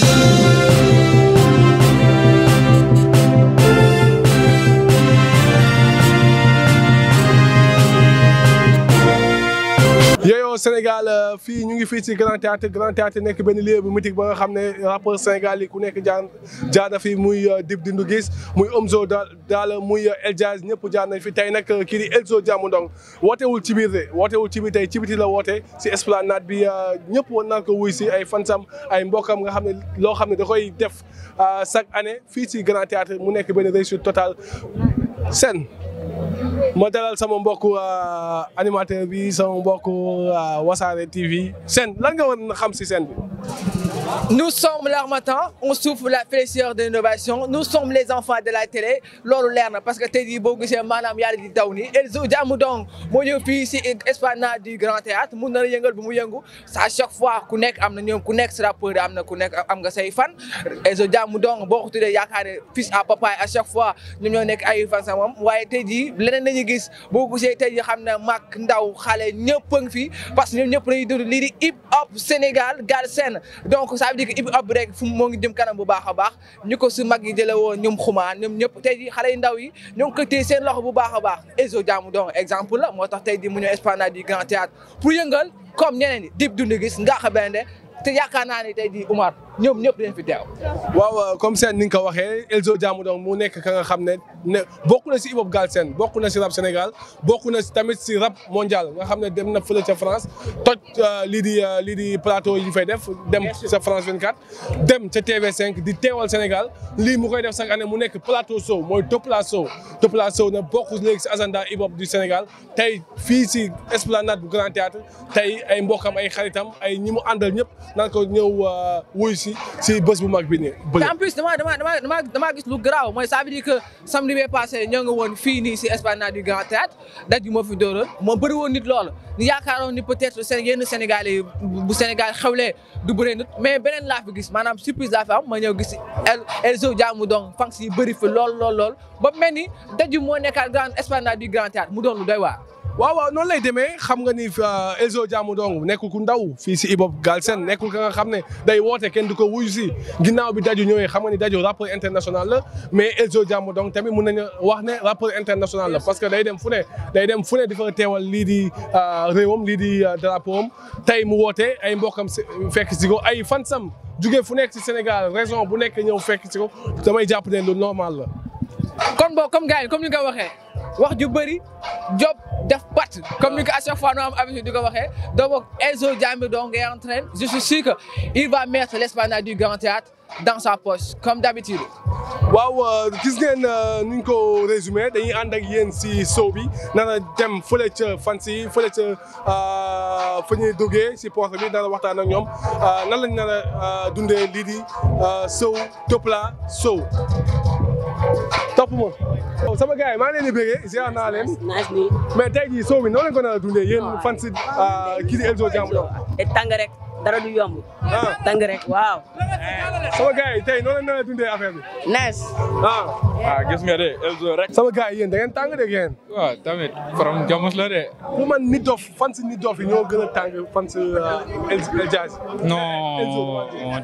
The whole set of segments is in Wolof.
Thank you. Sénégal euh, fii ñu ngi fii si Grand Théâtre Grand Théâtre nekk benn lieu bu mythique ba nga xam ne rappeur Sénégal yi ku nekk jaan jaar na fi muy euh, Dip Doundou Guiss muy Omzo Dollar muy euh, El Jazz ñëpp jaar nañ fi tey nag kii di Elzo Jamou Ndong wootewul ci biir wootewul ci biir tey ci biti la woote ci esplanade bi ñëpp woon naan wuy si ay fansam ay mbokkam nga xam ne loo xam ne da koy def chaque année fii ci Grand Théâtre mu nekk benn réussite total sen ma dalal sama mbokku euh, animateur bi sama mbokku euh, wasaare TV seen lan nga war na xam si seen bi. nous sommes l'harmattan on souffle la fraîcheur de l'innovation nous sommes les enfants de la télé loolu leer na parce que tey jii boo gisee maanaam yàlla di taw nii Elzo Jamdong moo ñëw fii si esplanade du Grand Théâtre mun na yëngal bu mu yëngu à chaque fois ku nekk am na ñoom ku nekk rappeur am na ku nekk am nga say fan Elzo Jamdong boo ko tuddee yaakaar ne fils à papa à chaque fois ñoom ñoo nekk ay fan sa moom waaye tey jii leneen la ñu gis boo gisee tey jii xam na mag ndaw xale ñëpp a ngi parce que ñoom ñëpp dañuy dund lii di hip hop Sénégal Galsen donc donc ça veut dire fu moo ngi jëm kanam bu baax a baax ñu ko si mag yi jële woon ñoom xumaan ñoom ñëpp tey ji xale yu ndaw yi ñoo ngi ko seen loxo bu baax a baax Ezo Jaamu Don exemple la moo tax tey ji mu ñëw esplanade du Grand Théâtre pour yëngal comme ñeneen ñi Dip Doundou Guiss Ngaaka Blindé te yaakaar naa ne tey jii Umar ñoom ñëpp dañ fi teew. waaw comme seen ni nga ko waxee Elzo Jamdong mu nekk ka nga xam ne bokk na si hip hop Galsen bokk na si rap Sénégal bokk na si tamit si rab mondial nga xam ne dem na fële ca France toj euh, lii di euh, lii di plateau yi fay def. dem sa France 24 dem ca TV5 di teewal Sénégal lii mu koy def chaque année mu nekk plateau show mooy Topla show Topla na bokk léegi si agenda hip hop du Sénégal tey fii si esplanade bu Grand tey ay mbokkam ay xaritam ay ñi mu àndal ñëpp. naan ko ñëw euh, wuy si si bés bu mag bi nii. en plus dama dama dama dama gis lu garaaw mooy ça veut dire que samedi bee passé ñoo ngi woon fii nii si esplanade du Grand Théâtre daj moo fi dóoroon moo bëri woon nit lool ñu yaakaaroon ni peut-être seen yenn Sénégalais yi bu Sénégal xewlee du bëree mais beneen laa fi gis maanaam surprise laa fi am gis ñëw gis Elzo Jammu donc fans yi bëri fi lool lool lool ba mel ni daj bi moo nekkaat grand esplanade du Grand Théâtre mu doon lu doy waar. waaw waaw noonu lay demee xam nga ni euh, Elzo Jaamu Dong nekkul ku ndaw fii si hip hop Galsen nekkul ka nga xam ne day woote kenn du ko wuyu si ginnaaw bi daju ñëwee xam nga ni daju rappeur international la mais Elzo Jaamu Dong tamit mun nañu wax ne rappeur international la parce que day dem fu ne day dem fu ne di fa teewal lii di euh, réewam lii di euh, drapeau am tey mu woote ay mbokkam fekk si ko ay fansam juge fu nekk si Sénégal raison bu nekk ñëw fekk si ko samay jàpp ne lu normal la. kon boo comme yi comme ni nga waxee wax ju bëri job habitude comme ni ko fois nous am habitude di ko waxee donc Elzo Diamidong est en train je suis sûr que il va mettre l'esplanade du Grand Théâtre dans sa poche comme d'habitude waaw euh, gis ngeen euh, ni ñu ko résumé dañuy ànd ak yéen si show bi nana dem fële ca fan si fële ca euh, duggee si porte bi nana waxtaan ak ñoom nan lañ nana dundee lii di show Dhopla show topp ma. sama gars yi maa leen di bëggee ziar naa leen. mais tey ji soo bi noonu lañ ko nar a dundee yéen fan si ah, kii di Elzo Jamdong. tàng rek dara du yomb. Ah. tàng waaw. sama gars tey noonu lañ nar a dundee affaire nice. Ah. waaw ah, gis nga de Elzo rek. sama gars yi yéen da ngeen tàng tamit borom Jamos la de. bu man nit dof fan si nit dof yi ñoo gën a tàng fan si euh, Elzo Diaz. non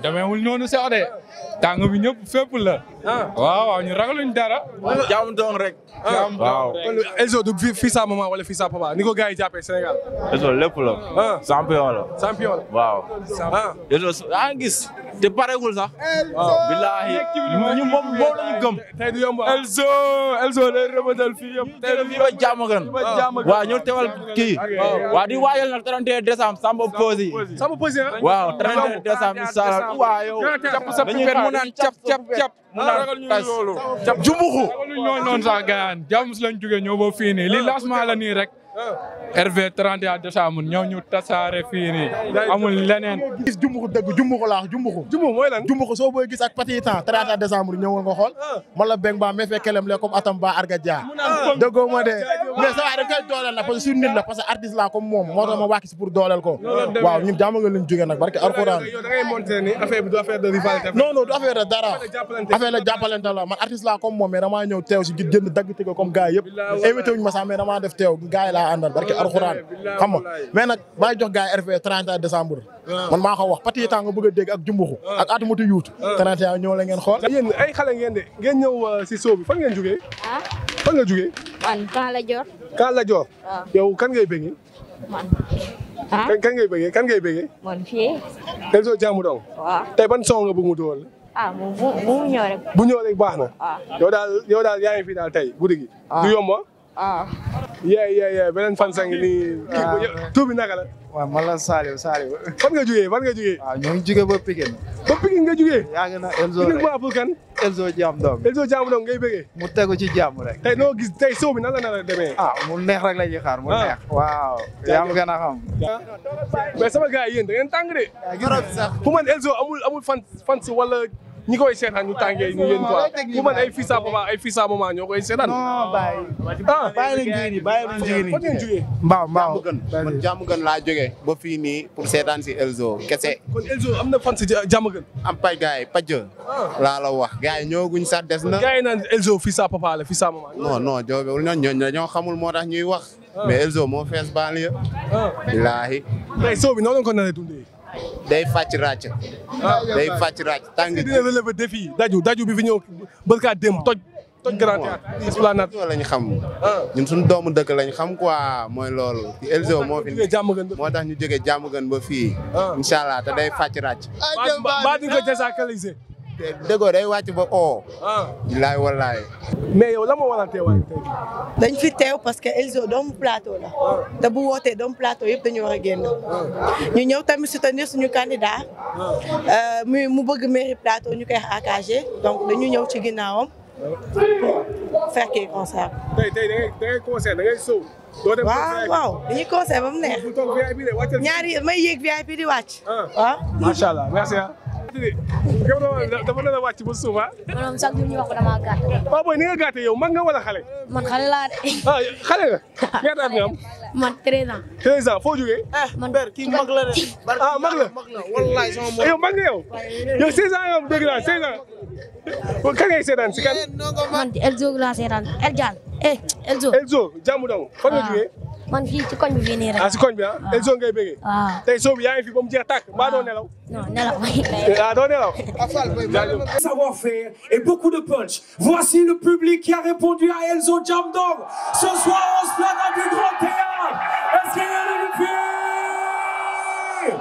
demeewul noonu sax de tàng bi ñëpp fépp la. Ah. waaw waaw ñu ragaluñ dara. jaamu doon rek. jaamu doon du fii sa wala fii sa papa ni ko gars yi jàppee Sénégal. Elzo lépp la. Ah. champion la. champion la waaw. ah Elzo ah gis. te pareegul sax. billaahi ñu moom moom gëm. tey du ah. fii yëpp. tey fii ba jàmm gan. waaw ñu teewal kii. waaw di waajal nag 31 décembre Samba Peuzzi. Samba Peuzzi ah. waaw 31 décembre incha allah mu naan cap cap cap. mu naan tas jumbuxu. jàmm si lañ jógee ñoo ba fii nii lii lancement la nii rek. RV 31 décembre ñëw ñu tasaare fii nii amul leneen. gis jumbuxu dëgg jumbuxu laax jumbuxu. jumbuxu mooy lan jumbuxu soo booy gis ak pati temps 31 décembre ñëwoon nga xool. Ah. man Ba me fekkelem le comme atam ba arga dia. Ah. de. mais du affaire de dara affaire la jàppalante man artiste la comme moom mais damaa ñëw teew si dagg tëgg comme gars yi yëpp invité wuñu ma def teew gars yi laa àndal barke alxuraan xam maa jox gars yi RV 31 man maa ko wax pati temps nga bëgg a dégg ak jumbuxu ak yuut 31 ñëw la ngeen xool ay xale ngeen de ngeen ñëw euh, si soo fan ngeen jógee ah? fan nga jógee man Kaala Dior. Kaala Dior. waaw yow kan ngay bëggee. man ah. kan ngay bëggee kan ngay bëggee. man fii. Elzo Jamdong. waaw tey ban song nga bëgg mu dugal. ah bu bu bu ñëw rek. bu ñëw baax na. waaw yow daal yow daal yaa ngi fi daal tey guddi gi. du yeah yeah yeah beneen fan sangi nii. Ah, ah. bi naka la. waaw man la Saliou Saliou. fan nga jugee fan nga jugee. waaw ñoo ngi jugee ba Pikine. ba Pikine nga jugee. yaa ngi na Elzo rek Pikine pour kan. Elzo Jaam Doom. Elzo Jaam Doom ngay bëggee. mu tegu ci jàmm rek. tey noo gis tey sow bi nan la nar a demee. ah mu neex rek la ñuy xaar mu ah. neex. waaw yaa ma a xam. mais sama gars yi yéen da ngeen tàng de. fu man Elzo amul fan fan si ñi koy seetaan ñu tàngee ñu yéen quoi ay fils à papa ay fils à maman ñoo koy seetaan. non bàyyi. ah bàyyi laa jógee ba fii nii pour seetaan si Elzo kese. kon Elzo am na fan si am pay gars yi wax gars yi ñooguñ sax des na. gars yi naan Elzo fils à papa la fils à maman. non non joobewul ñoom ñoo xamul moo tax ñuy wax. Ah. mais Elzo moo fees baal ya. Ah. billaahi. bi noonu la ko day fàcc ràcc. Ah, day fàcc ràcc tàng. dina relevé défi daju daju bi fi ñëw barka démb toj. toj grand théâtre esplanade lañ xam. Ah. ñun suñu doomu dëkk lañ xam quoi mooy loolu. Elzo moo fi moo tax ñu jógee jàmm gën ba fii. Ah. incha allah te day fàcc ràcc. ba ba di ko désacraliser. dëggoo day wàcc ba oo. Ah. bilaay walaay. mais yow la ma waral teewaay tey. dañ fi teew parce que Elzo doomu plateau la. Ah. te bu wootee doomu plateau yëpp dañu war a génn. Ah. ñu ñëw tamit soutenir suñu candidat. Euh, muy mu bëgg mairie plateau ñu koy AKG donc dañu ñëw ci ginnaawam. pour fekkee concert. tey tey da ngay da ngay concert da ngay sow. doo dem waaw waaw dañuy concert ba mu neex. ñaari may yéeg VIP di wàcc. waaw macha allah gàtt de. gëm na dafa doon wàcc ba suuf ah. maanaam chaque jour ñu wax ko damaa gàtt. waaw booy ni nga gàtte yow mag nga wala xale. man xale laa de. ah xale nga. ñaata at nga am. man 13 ans. 13 ans foo jugee. Eh, man ber kii mag la de. ah mag la wallaay sama mbokk. Eh, yow mag nga yow. yow 16 ans nga am dégg naa 16 ans. kan ngay seetaan si kan. Eh, man Elzo laa seetaan El Diagne eh Elzo. Elzo jàmm dong fan man fii ci koñ bi fii nii rek. ah si koñ bi ah? ah. tey soo ngay bëggee. waaw ah. tey soo bi yaa ngi fi ba mu jeex tàkk mbaa doo ah. nelaw. non nelaw. ah doo nelaw. savoir-faire et beaucoup de punch. voici le public qui a répondu à Elzo Jam Dong. ce soir on se plane à du grand théâtre. est-ce qu'il y a du fii.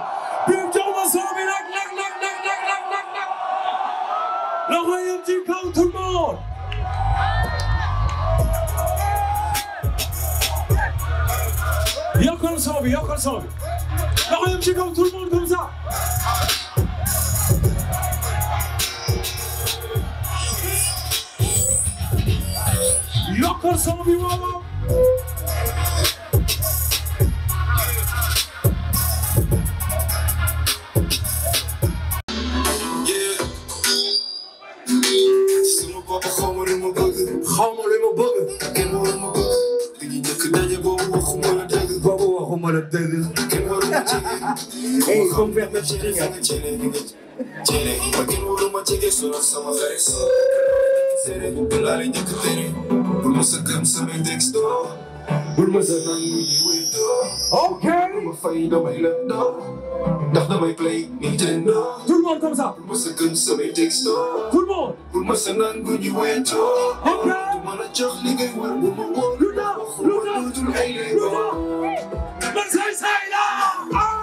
Bim Diop ma soo bi nag nag nag nag nag nag. le royaume du camp tout le monde. yokkal son bi yokkal son bi loxo yëpp ci kaw tout le monde comme ça. yokkal son bi waaw waaw ouvert na tiringa Jere, baki muru ma jege sura sama gare so Sere, lale nya katere Bulma sa kam sa me texto Bulma sa nangu iwito Okay Bulma fay do may laptop Dak na may play Nintendo Tout le monde comme ça Bulma sa kam sa me texto Tout le monde Bulma sa nangu iwito Okay Bulma na chok ligay war bulma war Luna, Luna, Luna, Luna, Luna, Luna, Luna, Luna, Luna, Luna, Luna,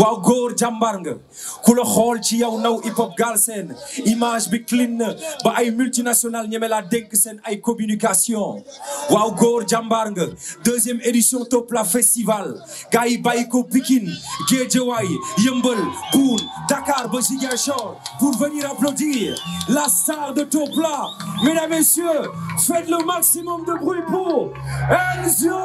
waaw góor jàmbaar nga ku la xool ci yow naw hip hop Galsen image bi clean na ba ay multinational ñeme laa seen ay communication waaw góor jàmbaar nga deuxième édition Top la festival gars yi bàyyi ko Pikine Guédiawaye Yeumbeul Bour Dakar pour venir applaudir la star de Top messieurs faites le maximum de bruit pour Enzo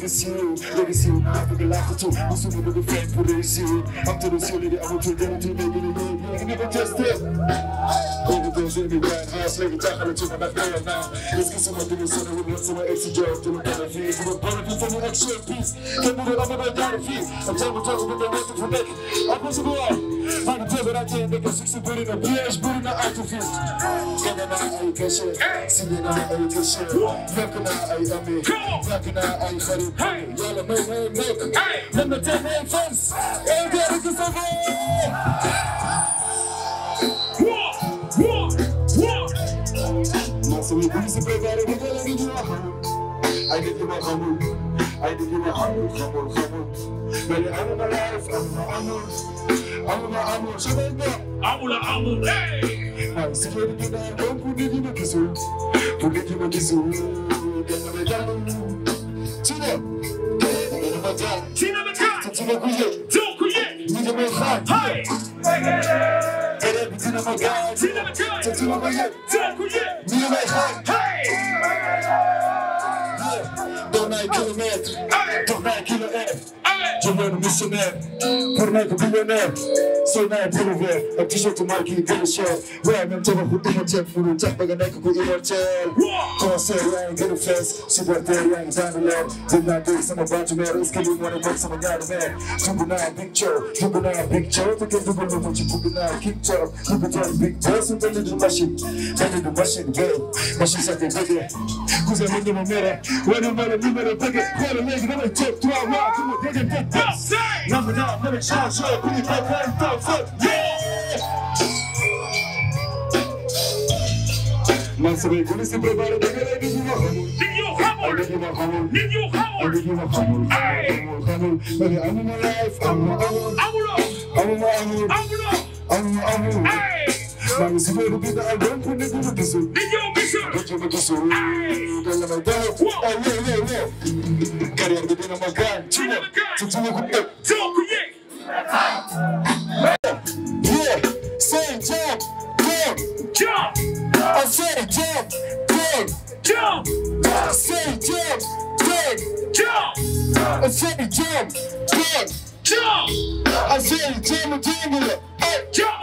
bëgg siiw léegi siiw bëgg làqatu musu bëgg feeñ pour réussir am tëral soo léegi amatul jaratul léegi zindi waaye xaas léegi jaaxal ci ma ndax dee naa est-ce que sama dugub sonewul nag sama ex jox du ma gën a fii du ma gën a fii sama action peace kenn du am ma jaar fii am jàmm toog bu ma wett fu nekk am na suba waay man feebar ak yéen nekk succès bëri na piège bëri na artifice gagné naa ay cachet signé naa ay cachet ñàkk naa ay ami ñàkk naa ay xarit yàlla may may nekk man ma tey may fans et bien rek sa So we bring some big out of the girl and you a humble. I give you my humble. I give you my humble, humble, humble. Man, I'm my life, I'm my humble. I'm my humble. So they go. I'm my humble. Hey! I see you do that. Don't put it in a kiss. Put it in a kiss. Then I'm a diamond. Tina. Tina Makai. Tina Kuye. Tina Kuye. Tina Makai. Hi. Hey, hey, hey. si na ma gaay si na ma gaay te duma ko yëg te ku yëg ñu may xaar hey dox naa kilomètre dox naa kilomètre je veux missionnaire pour nekk billionnaire so na television a t-shirt marki gonna share where I'm talking who do much muru tapaga na ku immortal concert yang gonna fest super there yang down the love did not do some about to man is killing one of some guy man super na big show super na big show to get the one of you super na kick top super na big person to do machine to do machine go machine sa te bebe kuze mende mamera wana mara numero pake wana mega na top 3 rock como dede dede Number 9, let me charge up, put it back, let it go foot. man samay gën a si préparé da nga lay nit ñu ma xamul. nit ñu xamul nit ñu ma xamul. nit ñu xamul nit ñu ma xamul. amul xamul ma ne amuma life amuma amul. amuloo amuma amul. amuloo amuma amul. maa ngi si biir bi daal donc nit ñu gisul. nit ñu gisul. nit ñu gisul. da nga may dara. waaw waaw waaw. carrière bi dina ma gaañ. ci ma ci sama ko ëpp. sama ko yëg. Yeah, say jump, jump, jump. I say jump, jump, jump. I say jump, jump, jump. I say jump, jump, jump. I say jump, jump, jump.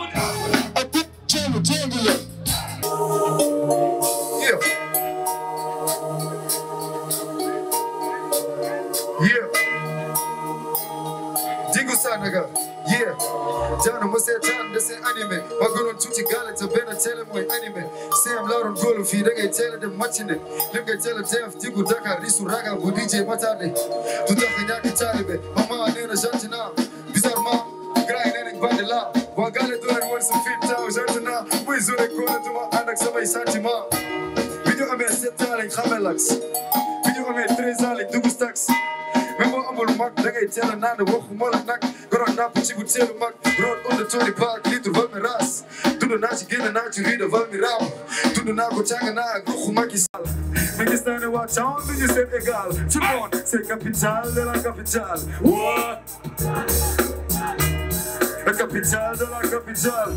I jump, jump, jump. Kanaga. Yeah, Jana Mose Tan, the same anime. Magun on Tutti Gala to Ben tell him with anime. Sam Laron Golo, if you don't tell them watching it. Look at tell Jeff, Dibu Daka, Risuraga, Budije Matade. To Dakanaki Talibe, Mama Nina Jantina, Bizarma, Grind Badela. Wagale do it once in fifth town, Jantina, Wizard, Kona to my Anaxama Santima. Video Amir Setal and Hamelax. Video Amir Trezal and Dubustax. Remember, I'm a mark, they tell another walk, more like si wut seen mag brood onder toni paak litre van mijn raas dund naa ci génn naa ci riida van mi raam dund naa ko càng naa ak ruxu Macky Sall mi gis naa ne waa town du ñu seen égal ci noon c'est capital de la capitale waa la capitale de la capitale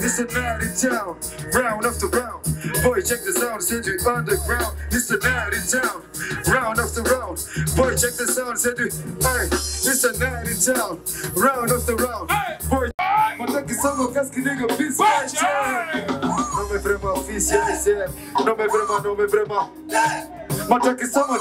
missionary town round after round Boy, check this out, Cedric Underground. It's a night in town, round after round. Boy, check this out, Cedric. Hey, it's a night in town, round after round. Boy, ma taki samo kaski nigga, No me brema, No me brema, no me brema. Ma taki samo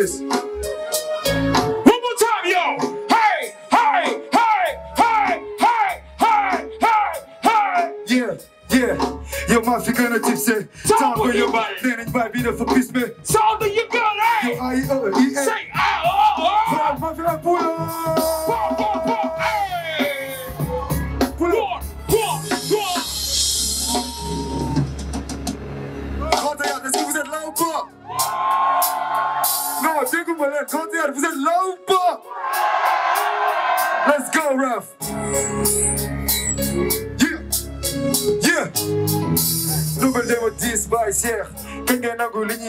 niggas. One more time, yo. Hey, hey, hey, hey, hey, hey, hey, hey. Yeah, yeah. Yo mafi kana tipse. Tango yo. Nenin bay bir de fıkisme. Saldı yıkar, hey. Yo ayı alır.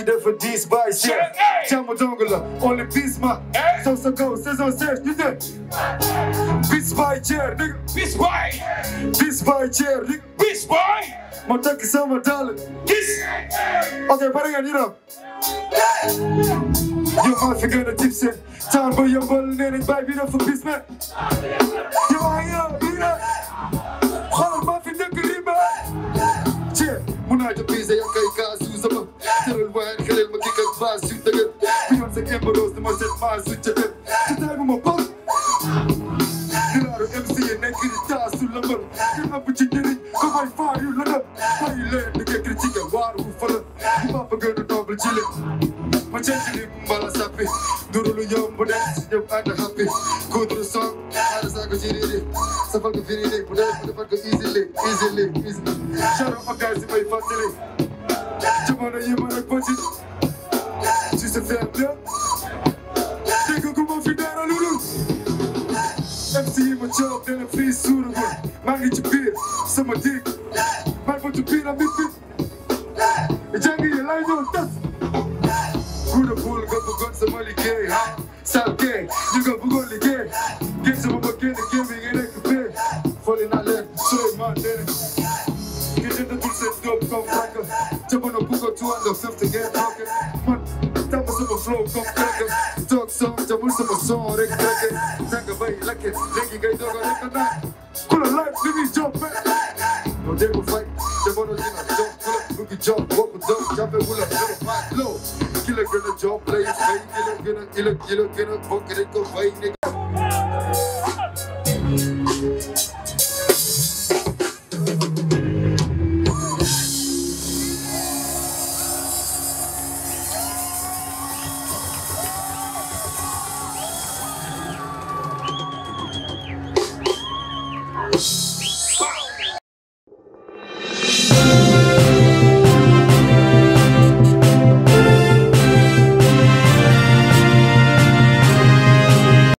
yi dafa diis baay si càmm dong la olympisme soo sa kaw saison seize ñu dégg bis baay ceer dig bis baay bis baay ceer dig bis baay ma takk sama daal gis ok pare ngeen ñu rab yow maa fi gën a tipse taar ba yombal nee nañ baay bi dafa bis me yow ay yow bi na xoolal maa fi dëkk riba ceer mun naa jot pise yow kay kaas sama tëral waaye xelel ma kii kat baa suy dëgër ku yoon sa kéem rose dama seet maa suy ca dem ci taagu ma par giraaru MC yi nekk di taasu lëmbal di nëbb ci njëriñ ko fay faar yu lëndëm bàyyi leen di kekk ci nga waar bu fële di papa gën a noble ci li ma cee ci li mbala sappi duru lu yomb bu dee si ñëpp ànd happy kuudru song aada saa ko ci riiri safal ko firiri bu dee mu defal ko easily easily easily charo ma gaay si may fàttali bàyyi ma nag petit sa c'est fair play dégg ko ma fi dara lu dul MC yi ma coob dana fii suuragul maa ngi ci biir sama dig maa ngi ci biir a bit bit jàng yi lay ñëw tas guda buul nga bëggoon sama liggéey ha sal kee ñu nga bëggoon liggéey two and yourself to get broken. Man, tell me some flow, come crack it. Talk some, jamul some song, they crack it. Tanga bay, like it, nigga, gay dog, I like a night. Cool life, nigga, jump back. No, they will fight. They want to, you know, jump, pull up, boogie, jump, walk with dog, jump it, pull up, little fight, low. Killer, gonna jump, play, play, killer, gonna, killer, killer, gonna, fuck it, go, fight, nigga.